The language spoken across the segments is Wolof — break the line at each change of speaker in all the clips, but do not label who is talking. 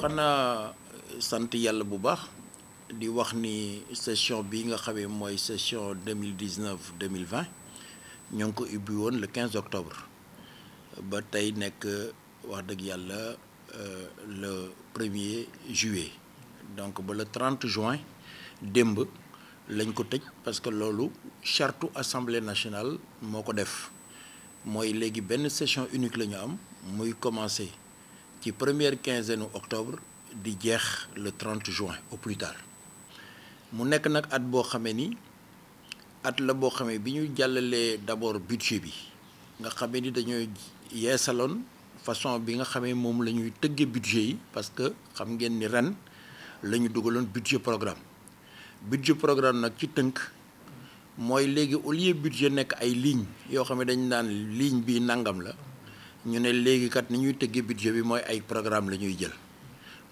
xanaa sant yàlla bu baax di wax ni session bi nga xamee mooy session 2019 2020 ñoo ngi ko ubbi woon le 15 octobre ba tey nekk wax dëgg yàlla Euh, le 1er juillet donc le 30 juin Dembe, lañ ko parce que l'olu, chartu assemblée nationale moo Moi, def mooy léegi benn session unique la ñu am muy commencer ci première quinzaine octobre di le 30 juin au plus tard mu nekk nag at boo xamee ni at la bo xamee bi ñu d'abord budget bi nga xamee ni dañoo salon. façon bi nga xamee moom la ñuy tëggee budget yi parce que xam ngeen ni ren la ñu dugaloon budget programme budget programme nag ci tënk mooy léegi au lieu budget nekk ay ligne yoo xam ne dañ naan ligne bi nangam la ñu ne léegi kat ni ñuy tëggee budget bi mooy ay programme la ñuy jël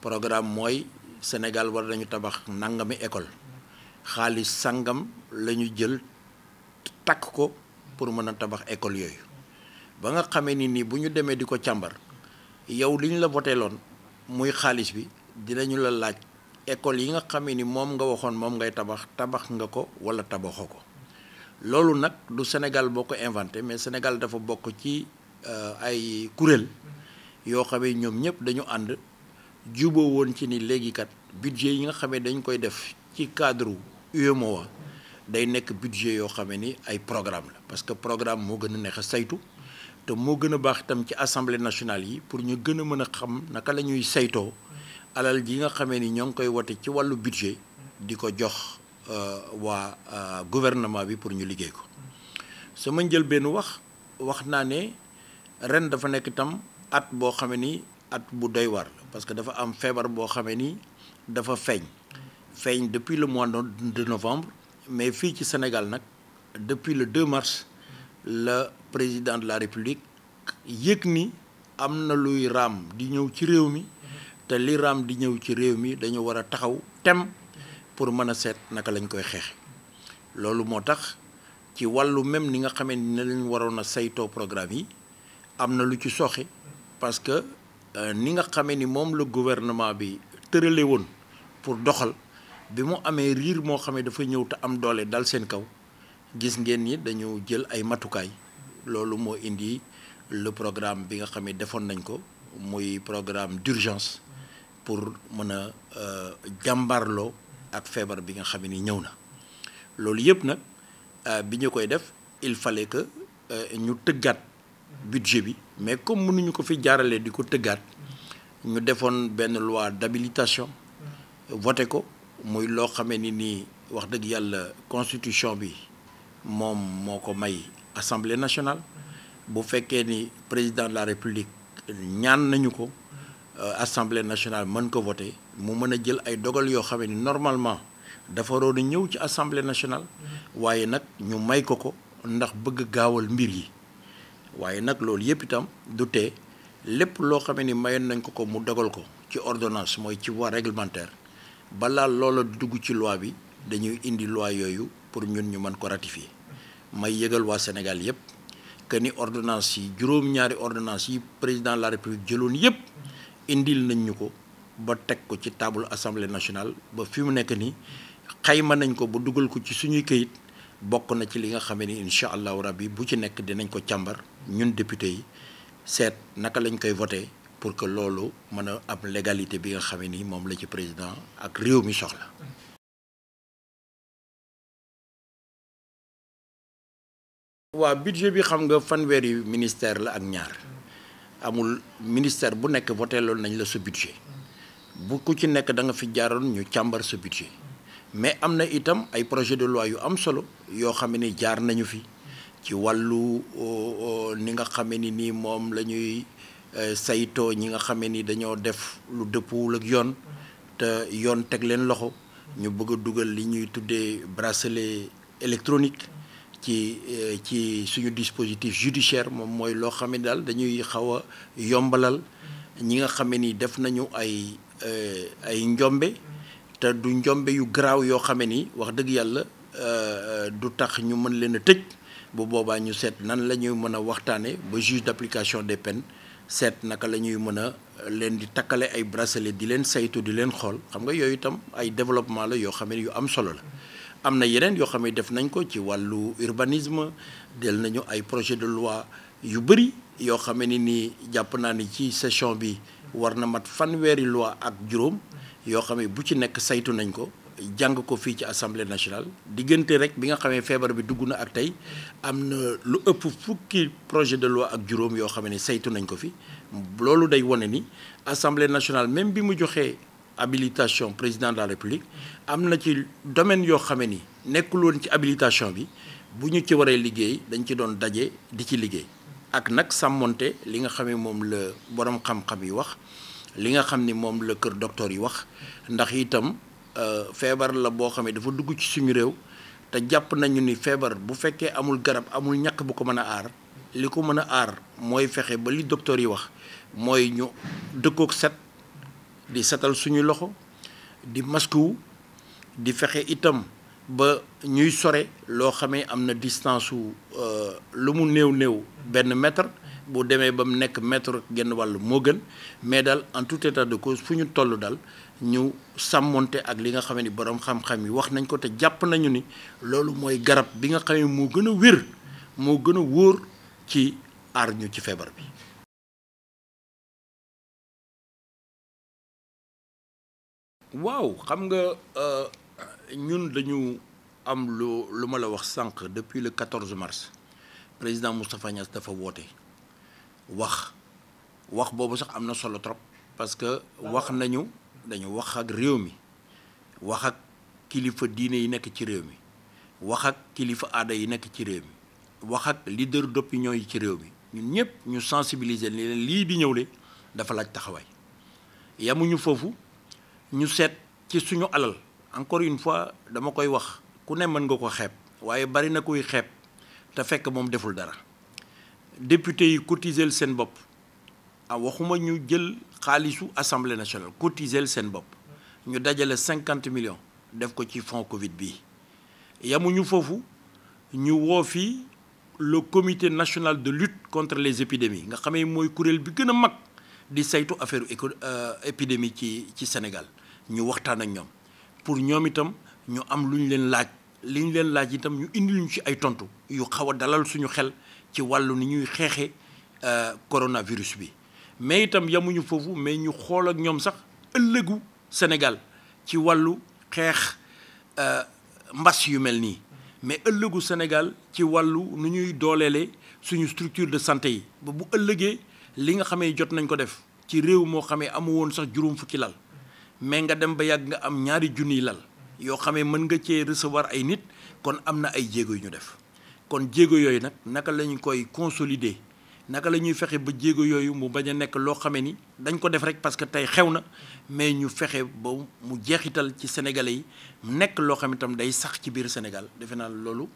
programme mooy Sénégal war nañu tabax nangami école xaalis sangam la ñu jël takk ko pour mën a tabax école yooyu ba nga xamee ni nii bu ñu demee di ko càmbar yow li ñu la voté loon muy xaalis bi dinañu la laaj école yi nga xamee ni moom nga waxoon moom ngay tabax tabax nga ko wala tabaxoo ko loolu nag du Sénégal boo ko inventé mais Sénégal dafa bokk ci euh, ay kuréel yoo xamee ñoom ñëpp dañu ànd juboo woon ci ni léegi kat budget yi nga xamee dañ koy def ci cadre UEMOA day nekk budget yoo xamee ni ay programme la parce que programme moo gën a neex saytu te moo gën a baax itam ci assemblée nationale yi pour ñu gën a mën a xam naka la ñuy saytoo alal ji nga xamee ni ñoo ngi koy wote ci wàllu budget di ko jox euh, waa euh, gouvernement bi pour ñu liggéey ko sama benn wax wax naa ne ren dafa nekk itam at boo xamee ni at bu doy war parce que dafa am feebar boo xamee ni dafa feeñ feeñ depuis le mois de novembre mais fii ci Sénégal nag depuis le 2 mars Le président de la république yekni ni am ram luy raam di ñëw ci réew mi te li di ci réew mi dañu tem pour mën a seet naka lañ koy xeexe loolu moo tax ci wàllu même ni nga xamee ne lañ waroon a programme yi lu ci parce que euh, ni nga xamee ni moom gouvernement bi tërale woon pour doxal bi mu amee riir moo xamee dafa am dal seen gis ngeen ni dañu jël ay matukaay loolu moo indi le programme bi nga xam ne defoon nañ ko muy programme d'urgence pour mën a euh, jàmbarloo ak feebar bi nga xam ni ñëw na loolu yëpp nag euh, bi ñu koy def il fallait que euh, ñu tëggaat budget bi mais comme mënuñu ko fi jaaralee di ko tëggaat ñu defoon benn loi d'habilitation voté ko muy loo xamee ni nii wax dëgg yàlla constitution bi moom moo ko may assemblée nationale bu fekkee ni président de la république ñaan nañu ko euh, assemblée nationale mën ko voté mu mën a jël ay dogal yoo xam ne normalement dafa waroon ñëw ci assemblée nationale waaye nag ñu may ko ko ndax bëgg gaawal mbir yi waaye nag loolu yëpp itam du tee lépp loo xam ni mayoon nañ ko ko mu dogal ko ci ordonnance mooy ci voie réglementaire balaa loola dugg ci loi bi dañuy indi loi yooyu pour ñun ñu man ko ratifier may yëgal waa Sénégal yëpp que ni ordonnance yi juróom-ñaari ordonnance yi président la république jëloon yëpp indil nañ ñu ko ba teg ko ci table assemblée nationale ba fi mu nekk nii xayma nañ ko bu dugal ko ci suñuy këyit bokk na ci li nga xamee ni incha allahu rabbi bu ci nekk dinañ ko càmbar ñun député yi seet naka lañ koy voté pour que loolu mën a am
légalité bi nga xamee ni moom la ci président ak réew mi soxla. waaw budget bi xam nga
fanweeri ministère la ak ñaar amul ministère bu nekk voté nañ la sa budget bu ku ci nekk da nga fi jaaroon ñu càmbar sa budget mais am na itam ay projet de loi yu am solo yoo xam ne jaar nañu fi ci wàllu ni nga xamee ni nii moom la ñuy e, saytoo ñi nga xamee ni dañoo def lu dëppuwul ak yoon te yoon teg leen loxo ñu bëgg a dugal li ñuy tuddee bracelet électronique ci euh, ci suñu dispositif judiciaire moom mooy loo xam ne daal dañuy xaw a yombalal ñi nga xam ne ni def nañu ay euh, ay njombe te du njombe yu garaaw yoo xam ne ni wax dëgg yàlla euh, du tax ñu mën leen a tëj bu boobaa ñu seet nan la ñuy mën a waxtaane ba juge d'application des peines seet naka la ñuy mën a leen di takkale ay bracelet di leen saytu di leen xool xam nga yooyu itam ay développement la yoo xam ne yu am solo la am na yeneen yoo xam ne def nañ ko ci wàllu urbanisme del nañu ay projet de loi yu bëri yoo xam ne nii jàpp naa ni ci session bi war na mat fanweeri loi ak juróom yoo xam ne bu ci nekk saytu nañ ko jàng ko fii ci assemblée nationale diggante rek bi nga xamee feebar bi dugg na ak tey am na lu ëpp fukki projet de loi ak juróom yoo xam ne saytu nañ ko fi loolu day wane ni assemblée nationale même bi mu joxee habilitation président de la république am na ci domaine yo xamé ni nekul won ci habilitation bi buñu ci waree liggéey dañ ci doon dajé di ci liggéey ak nak samonté li nga xamé mom le borom xam-xam yi wax li nga xamni mom le la docteur yi wax ndax itam euh, fièvre la bo xamé dafa dugg ci suñu réew té japp nañu ni fièvre bu féké amul garab amul ñak bu ko mëna ar, liku mëna ar moy fexé ba li docteur yi wax moy ñu dëkkook set di setal suñu loxo di masque di fexe itam ba ñuy sore loo xamee am na distance su euh, lu mu néew néew benn mètre bu demee ba mu nekk mètre genn wàll moo gën mais daal en tout état de cause fu ñu toll dal ñu sàmmonte ak li nga xam ni borom xam-xam yi wax nañ ko te jàpp
nañu ni loolu mooy garab bi nga xam moo gën a wér moo gën a wóor ci aar ñu ci feebar bi. waaw xam nga euh, ñun dañu
am lu la wax sank depuis le 14 mars président Moustapha Niass dafa woote wax wax bobu sax amna solo trop parce que wax nañu dañu wax ak réew mi wax ak kilifa diiné yi nekk ci réew mi wax ak kilifa aada yi nekk ci réew mi wax ak leader d'opinion yi ci réew mi ñun ñëpp ñu sensibiliser ni leen lii di ñëw dafa laaj taxaway. yamuñu fofu nous sommes... ci encore une fois dama koy wax ku ne mën nga ko xeeb waaye bari na kuy fekk dara député yi nous ah, ñu jël assemblée nationale Nous seen nous ñu dajale 50 millions de Covid bi fonds le comité national de lutte contre les épidémies nga avons mooy le bi euh, épidémie Sénégal ñu waxtaan ak pour ñoom itam ñu am luñ leen laaj liñ leen laaj itam ñu qu'ils ont ci ay tontu yu xaw a dalal suñu euh, coronavirus bi mais itam yamuñu foofu mais ñu xool ak sax ëllëgu Sénégal ci euh, yu mais ëllëgu Sénégal ci wàllu nu ñuy suñu structure de santé yi bu li nga jot nañ ko def ci réew mais nga dem ba yag nga am ñaari junniy lal yo xamé mën nga ci recevoir ay nit kon amna na ay jéego yu ñu def kon jego yoy nak, naka lañ koy consolider naka lañuy fexé ba jéego yooyu mu baña nek lo xamé ni dañ ko def rek parce que tay xewna mais ñu fexé ba mu jeexital ci sénégalais yi nek lo xamé tam day sax ci biir Sénégal defe naa loolu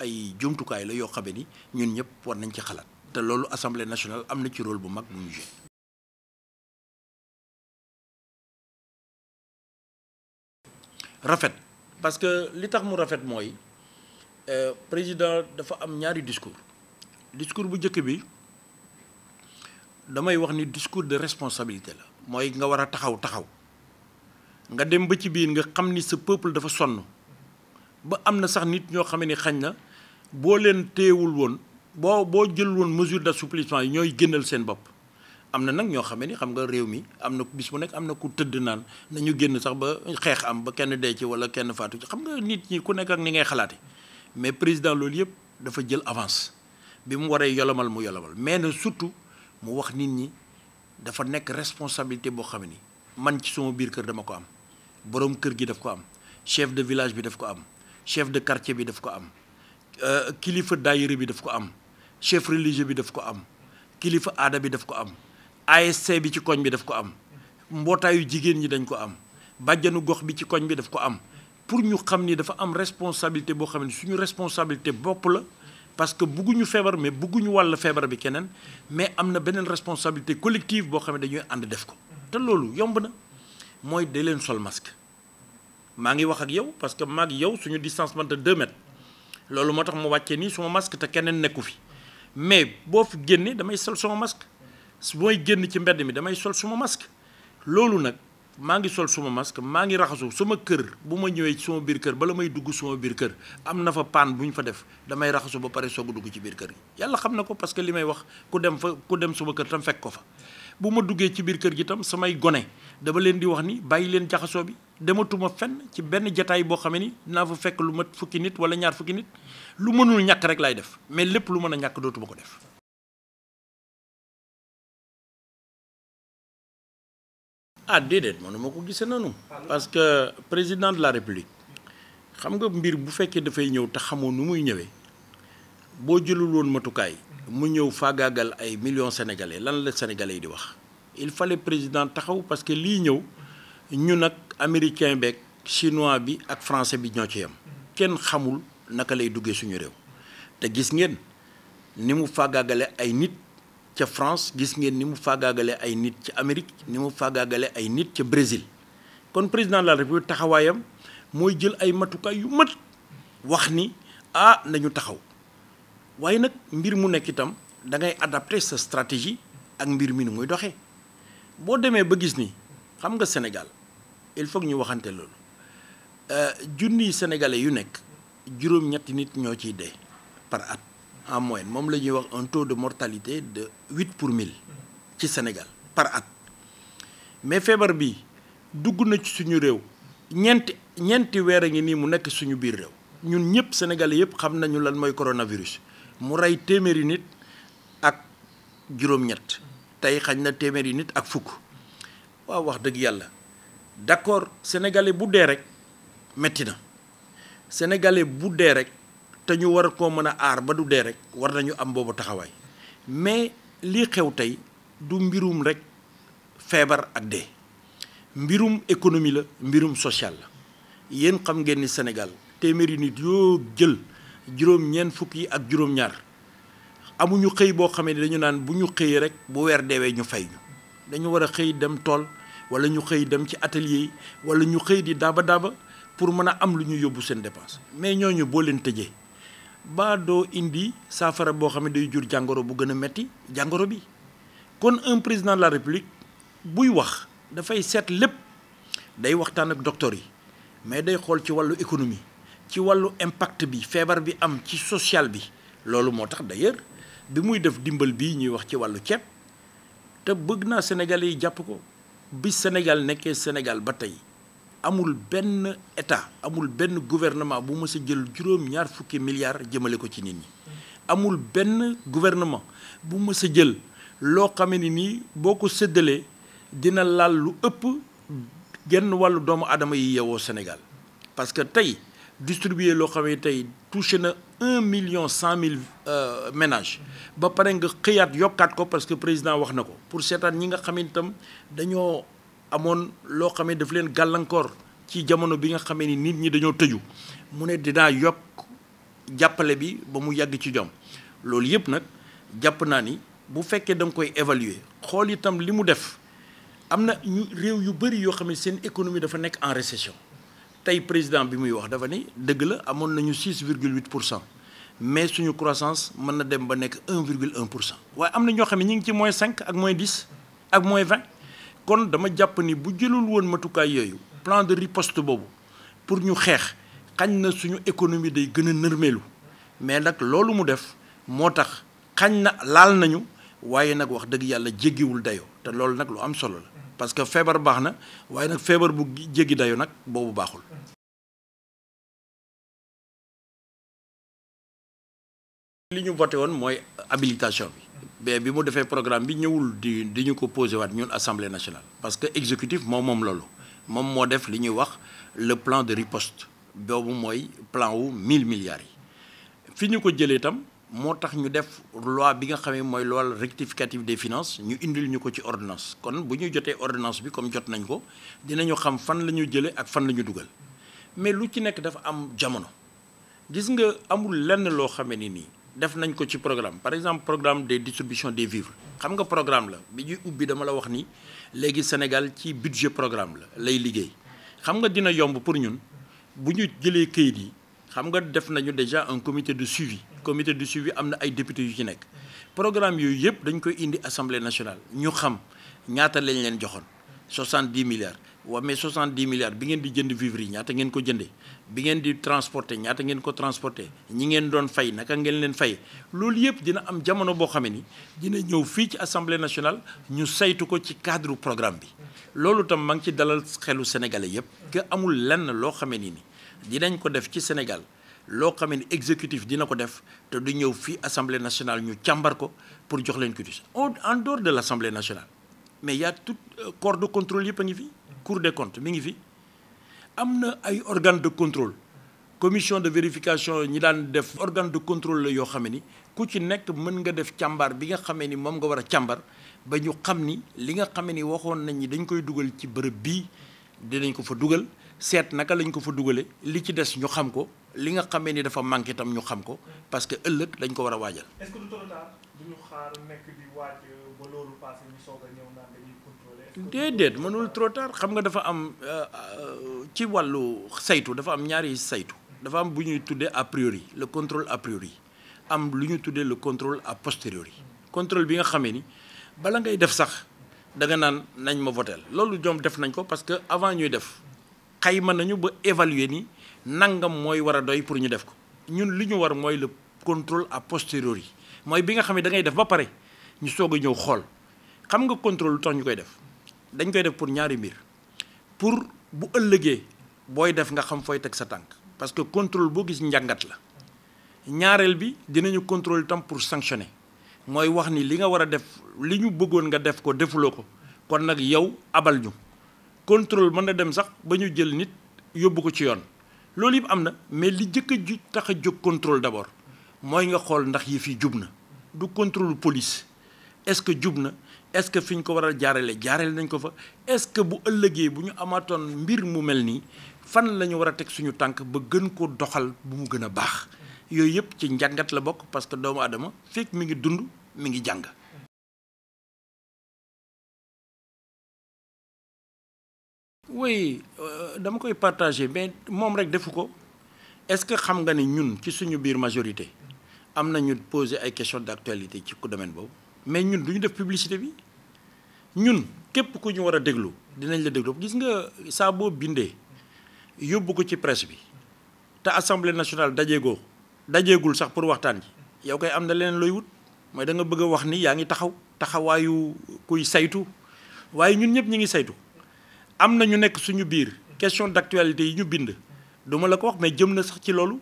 ay jumtukaay la yo xamé ni ñun ñëpp war nañ ci xalat
té lolu assemblée nationale am ci rôle bu mag bu ñu rafet parce que li tax mu
rafet mooy euh, président dafa am ñaari discours discours bu njëkk bi damay wax ni discours de responsabilité la mooy nga war a taxaw taxaw nga dem ba ci biir nga xam ni sa peuple dafa sonn ba am na sax nit ñoo xam ne xañ na boo leen téewul woon boo boo jël woon mesure d'assouplissement yi ñooy génnal seen bopp am na nag ñoo xam ne ni xam nga réew mi am na bis bu nekk am na ku tëdd naan ñu génn sax ba xeex am ba kenn dee ci wala kenn faatu ci xam nga nit ñi ku nekk ak ni ngay xalaate mais président loolu yëpp dafa jël avance bi mu waree yolomal mu yolomal mais na surtout mu wax nit ñi dafa nekk responsabilité boo xam ni man ci suma biir kër dama ko am boroom kër gi daf ko am chef de village bi daf ko am chef de quartier bi daf ko am euh, kilifa daayira bi daf ko am chef bi daf ko am kilifa aada bi daf ko am ASC bi ci koñ bi daf ko am mbootaayu jigéen ñi dañ ko am badjanu gox bi ci koñ bi daf ko am pour ñu xam ni dafa am responsabilité bo xam ne suñu responsabilité bop la parce que bugguñu fièvre mais bugguñu wàll fièvre bi kenen mais am benen responsabilité collective bo xam ne dañuy and def ko te lolu yomb na moy de leen sol masque ma ngi wax ak yow parce que maag yow suñu distance de deux mètres lolu motax mu wàccee ni suma masque te kenen nekku fi mais bo fi génné damay sol sama masque booy génn ci mbedd mi damay sol suma masque loolu nag maa ngi sol suma masque maa ngi raxasu suma kër bu ma ñëwee suma biir kër bala may dugg suma biir kër am na fa paan bu ñu fa def damay raxasu ba pare soog dugg ci biir kër gi yàlla xam na ko parce que li may wax ku dem fa ku dem suma kër tam fekk ko fa bu ma duggee ci biir kër gi itam samay gone dama leen di wax ni bàyyi leen jaxasoo bi dematuma fenn ci benn jataay boo xamee ni dinaa fa fekk lu
mat fukki nit wala ñaar fukki nit lu mënul ñàkk rek laay def mais lépp lu mën a ñàkk dootuma ko def ah déedéet manuma ko gisee nanu parce que président de la république xam nga mbir
bu fekkee dafay ñëw te xamoo nu muy ñëwee boo jëlul woon matukaay mu ñëw faagaagal ay millions sénégalais lan la sénégalais yi di wax il fallait président taxaw parce que lii ñëw ñu nag américain beeg chinois bi ak français bi ñoo ci yem kenn xamul naka lay duggee suñu réew te gis ngeen ni mu faagaagale ay nit ca France gis ngeen ni mu faagaagalee ay nit ci Amérique ni mu faagaagalee ay nit ca Brésil kon président de la taxawaayam mooy jël ay matukaay yu mat wax ni ah nañu taxaw waaye nag mbir mu nekk itam da ngay adapter sa stratégie ak mbir mi nu muy doxe boo demee ba gis ni xam nga Sénégal il faut ñu waxante loolu euh, junniy sénégalais yu nekk juróom-ñetti nit ñoo ciy dee par at. en moyenne moom la wax un taux de mortalité de 8 pour 1000 ci Sénégal par at mais feebar bi dugg na ci suñu réew ñent ñent weer a ngi mu nekk suñu biir réew ñun ñëpp Sénégalais yëpp xam nañu lan moy coronavirus mu ray téméri nit ak juroom ñett tay xañ na téeméeri nit ak fukk wa wax dëgg yàlla d'accord Sénégalais bu dee rek metti na Sénégalais bu dee rek te ñu war koo mën a aar ba du dee rek war nañu am boobu taxawaay mais lii xew tey du mbirum rek feebar ak dee mbirum économie la mbirum social la yéen xam ngeen ni Sénégal téeméeri nit yoo jël juróom-ñeent fukk yi ak juróom-ñaar amuñu xëy boo xamee dañu naan bu ñu xëyee rek bu weer deewee ñu fay ñu dañu war a xëy dem tool wala ñu xëy dem ci atelier yi wala ñu xëy di daaba daaba pour mën a am lu ñu yóbbu seen dépense mais ñooñu boo leen tëjee. baa doo indi saafara boo xam ne day jur jàngoro bu gën a metti jàngoro bi kon un président de la république buy wax dafay seet lépp day waxtaan ak docteur yi mais day xool ci wàllu économie ci wàllu impact bi feebar bi am ci sociale bi loolu moo tax d'ailleurs bi muy def dimbal bii ñuy wax ci wàllu ceeb te bëgg naa Sénégalais yi jàpp ko bi Sénégal nekkee Sénégal ba tey amul ben état amul ben gouvernement bu mës a jël juroom ñaar fukki milliards jëmele ko ci nit ñi amul ben gouvernement bu mës a jël lo xamé ni nii boo dina laal lu ëpp genn walu doomu aadama yi yeewoo Sénégal parce que tay distribuer lo xamé tay touché na 1 million cent euh, ménages ba pare nga xëyaat yokkaat ko parce que président wax nako pour seetaan ñi nga xamé tam dañoo amone lo xamé daf leen galankor ci jamono bi nga xamé ni nit ñi dañoo tëju mu ne dinaa yok jappalé bi ba mu yagg ci jom lool yépp nak jàpp naa ni bu fekkee da nga koy évaluer xool itam limu def amna ñu réew yu bari yo xamé seen économie dafa nek en récession tay président bi muy wax dafa ni deug la amoon nañu 6,8% mais suñu croissance mën na dem ba nek 1,1% virgule amna ño xamé waaye ngi ci moins 5 ak moins 10 ak moins 20 kon dama jàpp ni bu jëlul woon matukaay yooyu plan de riposte boobu pour ñu xeex xañ na suñu économie day gën a nërmeelu mais nag loolu mu def moo tax xañ na laal nañu waaye nag wax dëgg yàlla jéggiwul dayoo te loolu nag lu am solo la parce que feebar baax na
waaye nag feebar bu jéggi dayoo nag boobu baaxul ñu voté woon mooy habilitation
mais bi mu defé programme bi ñewul di di ñu ko posé waat ñun assemblée nationale parce que exécutif mom mom loolu mom mo def li ñuy wax le plan de riposte boobu moy plan wu 1000 milliards yi fi ñu ko jëlee itam moo ñu def loi bi nga xamé moy loi rectificatif des finances ñu indil ñuko ci ordonnance kon bu ñu jotee ordonnance bi comme jot nañ ko dinañu xam fan lañu jëlé ak fan lañu duggal mais lu ci nekk dafa am jamono gis nga amul lenn lo xamé ni def nañ ko ci programme par exemple programme de distribution des vivres xam nga programme la bi ñuy ubbi dama la wax ni légui Sénégal ci budget programme la lay liggéey xam nga dina yomb pour ñun bu ñu jëlee kayit yi xam nga def nañu déjà un comité de suivi comité de suivi am na ay députés yu ci nekk programme yooyu yëpp dañ koy indi assemblée nationale ñu xam ñaata lañ leen joxoon 70 milliards wa mais 70 milliards bi ngeen di jënd vivres yi ñaata ngeen ko jëndee bi ngeen di transporter ñaata ngeen ko transporter ñi ngeen doon fay naka ngeen leen fay loolu yëpp dina am jamono boo xamee ni dina ñëw fii ci assemblée nationale ñu saytu ko ci cadre programme bi. loolu tam ma ngi ci dalal xelu sénégalais yëpp. que amul lenn loo xamee ni dinañ ko def ci Sénégal loo xamee ni exécutif dina ko def te du ñëw fii assemblée nationale ñu càmbar ko pour jox leen cutis en dehors de l' assemblée nationale mais y' a tout euh, corps de contrôle yëpp cour des comptes mi ngi fi. amna ay organe de contrôle commission de vérification ñi daan def organe de contrôle la yoo xam ni ku ci nekk mën nga def càmbar bi nga xamee ni moom nga wara a càmbar ba ñu xam ni li nga xamee ni waxoon nañ ni dañ koy duggal ci bërëb bii dinañ ko fa duggal set naka lañ ko fa dugale li ci dess ñu xam ko li nga xamee ni dafa manqué tam ñu xam ko parce que ëllëg dañ ko wara a est-ce que du trop tard bu ñu xaar nekk di waaj ba loolu passé ñu soog a déedéet mënul trop xam nga dafa am euh, euh, ci wàllu saytu dafa am ñaari saytu dafa am bu ñuy tuddee a priori le contrôle a am lu ñu tuddee le contrôle a posteriori contrôle bi nga xamee ni bala ngay def sax da nga naan nañ ma voteel loolu ñoom def nañ ko parce que avant ñuy def xayma nañu ba évaluer ni nangam mooy war a doy pour ñu def ko ñun li ñu war mooy le contrôle a posteriori mooy bi nga xamee dangay def ba pare ñu soog a ñëw xool xam nga contrôle lu tax ñu koy def dañ koy def pour ñaari mbir pour bu ëllëgee booy def nga xam fooy teg sa tànk parce que contrôle boo gis njàngat la ñaareel bi dinañu contrôle tam pour sanctionner mooy wax ni li nga war a def li ñu bëggoon nga def ko defuloo ko kon nag yow abal ñu contrôle mën na dem sax ba ñu jël nit yóbbu ko ci yoon loolu yëpp am na mais li jëkk a ju tax a jóg contrôle d'abord mooy nga xool ndax yi fi jub na du contrôle police est-ce que jub na est-ce que fiñ ko war a jaarale jaarale nañ ko fa est-ce que bu ëllëgee bu ñu amatoon mbir mu mel nii fan la ñu war a teg suñu tànk ba gën ko doxal bu
mu gën a baax yooyu yëpp ci njàngat la bokk parce que doomu aadama fekk mi ngi dund mi ngi jàng oui euh, dama koy partager mais moom rek defu ko est-ce que xam
nga ni ñun ci suñu biir majorité am nañu poser ay questions d'actualité ci ku domaine boobu mais ñun du ñu def publicité bi ñun képp ku ñu war a déglu dinañ la déglu gis nga saa bindee yóbbu ko ci presse bi te assemblée nationale dajeegoo dajeegul sax pour waxtaan ji yow koy am na leneen looy wut mooy da nga bëgg a wax ni yaa ngi taxaw taxawaayu kuy saytu waaye ñun ñëpp ñu ngi saytu am na ñu nekk suñu biir question d'actualité yi ñu bind duma la ko wax mais jëm na sax ci loolu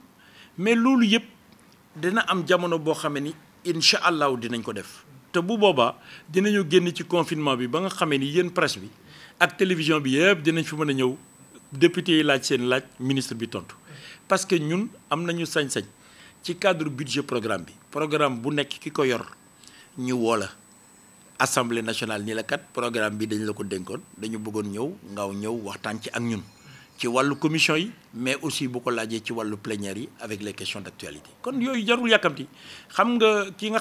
mais loolu yëpp dina am jamono boo xamee ni incha allahu dinañ ko def te bu on dinañu confinement bi ba nga presse télévision bi dinañ fi député ministre parce que nous avons nañu sañ-sañ ci cadre budget programme programme bu assemblée nationale ni la kat programme bi dañ la ko dañu bëggoon ñëw ngaaw ñëw waxtaan ci ak ñun. commission mais aussi bu ko plénière avec les questions d'actualité kon jarul xam nga ki nga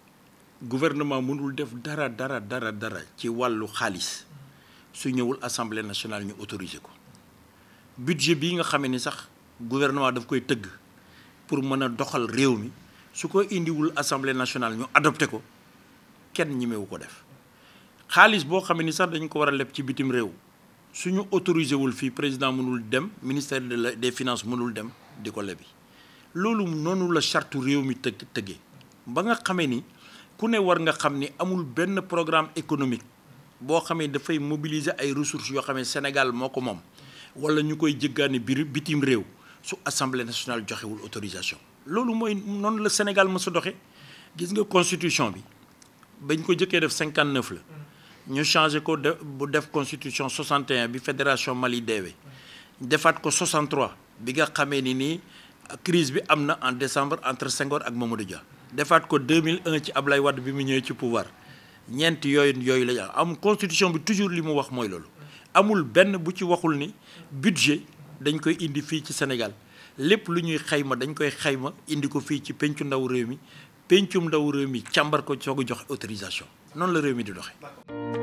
gouvernement mënul def dara dara dara dara ci walu su assemblée nationale ñu autoriser ko budget que nga ni gouvernement daf koy teug pour mëna doxal réew mi su ko wul assemblée nationale ñu adopté ko kenn wu ko def bo xamé ni sax dañ ko wara président mënul ministère de des finances mënul dem diko lebi loolu la charte réew mi ku ne war nga xam ni amul benn programme économique boo xamee dafay mobiliser ay ressources yoo xam Sénégal moo ko moom wala ñu koy jëggaani biir bitim réew su assemblée nationale joxewul autorisation. loolu mooy noonu la Sénégal mës a doxee gis nga constitution bi bañ ko jëkkee def 59 la ñu changé ko de bu def constitution 61 bi fédération Mali deewee defaat ko 63 bi nga xamee ni nii crise bi am na en décembre entre Senghor ak Mamadou Dia. En 2001 ci Ablaye Wade bi mu ci pouvoir la am constitution bi toujours wax amul bu ci waxul budget dañ koy indi Sénégal lepp lu ñuy xeyma dañ koy xeyma indi ko fi ci pencu ndaw réew mi Non ndaw réew mi la